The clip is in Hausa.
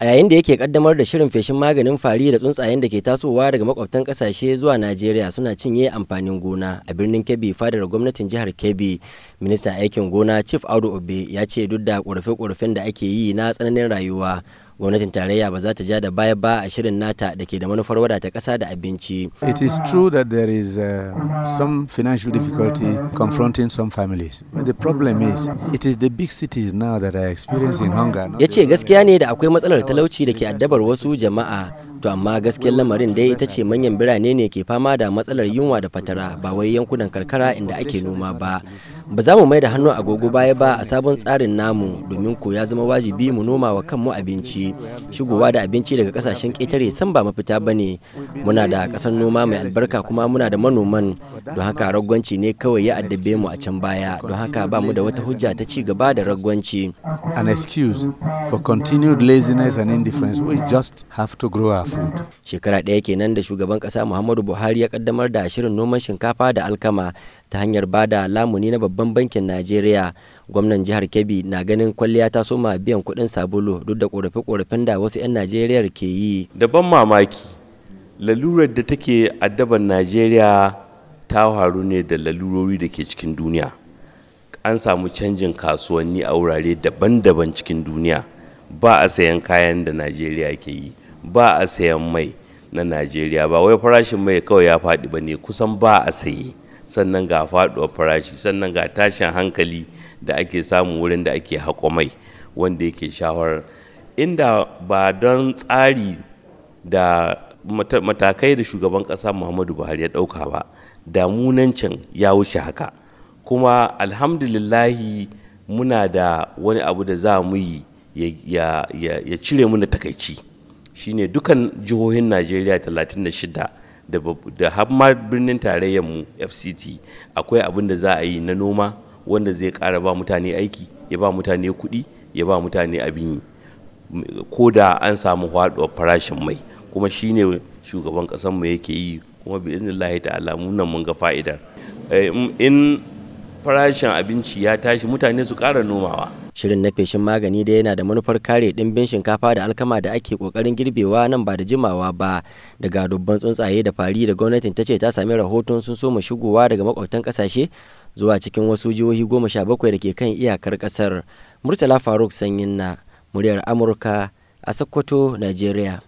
a yayin da yake kaddamar da shirin feshin maganin fari da tsuntsayen da ke tasowa daga makwabtan kasashe zuwa najeriya suna cinye amfanin gona a birnin kebbi fadar gwamnatin jihar kebbi ministan aikin gona chief audu obe ya ce duk da ƙorafe-ƙorafen da ake yi na tsananin rayuwa gwamnatin tarayya ba za ta ja da baya ba a shirin nata da ke da manufar wadata kasa da abinci. It is true that there is uh, some financial difficulty confronting some families. But the problem is it is the big cities now that are experiencing hunger. Ya ce gaskiya ne da akwai matsalar talauci da ke addabar wasu jama'a to amma gaskiyar lamarin dai ita ce manyan birane ne ke fama da matsalar yunwa da fatara ba wai yankunan karkara inda ake noma ba ba za mu mai da hannu agogo baya ba a sabon tsarin namu domin ko ya zama wajibi mu noma wa kanmu abinci shigowa da abinci daga kasashen ƙetare san ba mafita ba ne muna da ƙasar noma mai albarka kuma muna da manoman don haka ragwanci ne kawai ya addabe mu a can baya don haka ba mu da wata hujja ta ci gaba da ragwanci an excuse for continued laziness and indifference we just have to grow our food shekara ɗaya kenan da shugaban ƙasa muhammadu buhari ya kaddamar da shirin noman shinkafa da alkama ta hanyar bada lamuni na babban bankin najeriya gwamnan jihar kebbi na ganin kwalliya ta soma biyan kuɗin sabulu duk da ƙorafe-ƙorafen da wasu 'yan najeriya ke yi da ban mamaki lalurar da take addaban najeriya ta faru ne da lalurori da ke cikin duniya an samu canjin kasuwanni a wurare daban-daban cikin duniya ba a sayan kayan da najeriya ke yi ba a sayan mai na najeriya ba wai farashin mai kawai ya faɗi ba ne kusan ba a saye sannan ga faɗuwar farashi sannan ga tashin hankali da ake samu wurin da ake haƙo mai wanda yake shawarar inda ba don tsari da matakai da shugaban ƙasa muhammadu buhari ya ɗauka ba da damunancin ya wuce haka kuma alhamdulillahi muna da wani abu da za mu yi ya, ya cire mu na takaici shine dukan jihohin najeriya 36 da, da har ma birnin mu fct akwai abin da za a yi na noma wanda zai kara ba mutane aiki ya ba mutane kuɗi ya ba mutane abin yi ko da an samu haɗuwar farashin mai kuma shine shugaban ƙasarmu yake yi kuma bi iznillahi ta'ala mun nan mun ga fa'idar eh, in farashin abinci ya tashi mutane su ƙara nomawa shirin na feshin magani da yana da manufar kare ɗimbin shinkafa da alkama da ake kokarin girbewa nan ba da jimawa ba daga dubban tsuntsaye da fari da gwamnatin ta ce ta sami rahoton sun soma shigowa daga makwabtan ƙasashe zuwa cikin wasu jihohi goma sha bakwai da ke kan iyakar ƙasar murtala faruk sanyin na muryar amurka a sokoto nigeria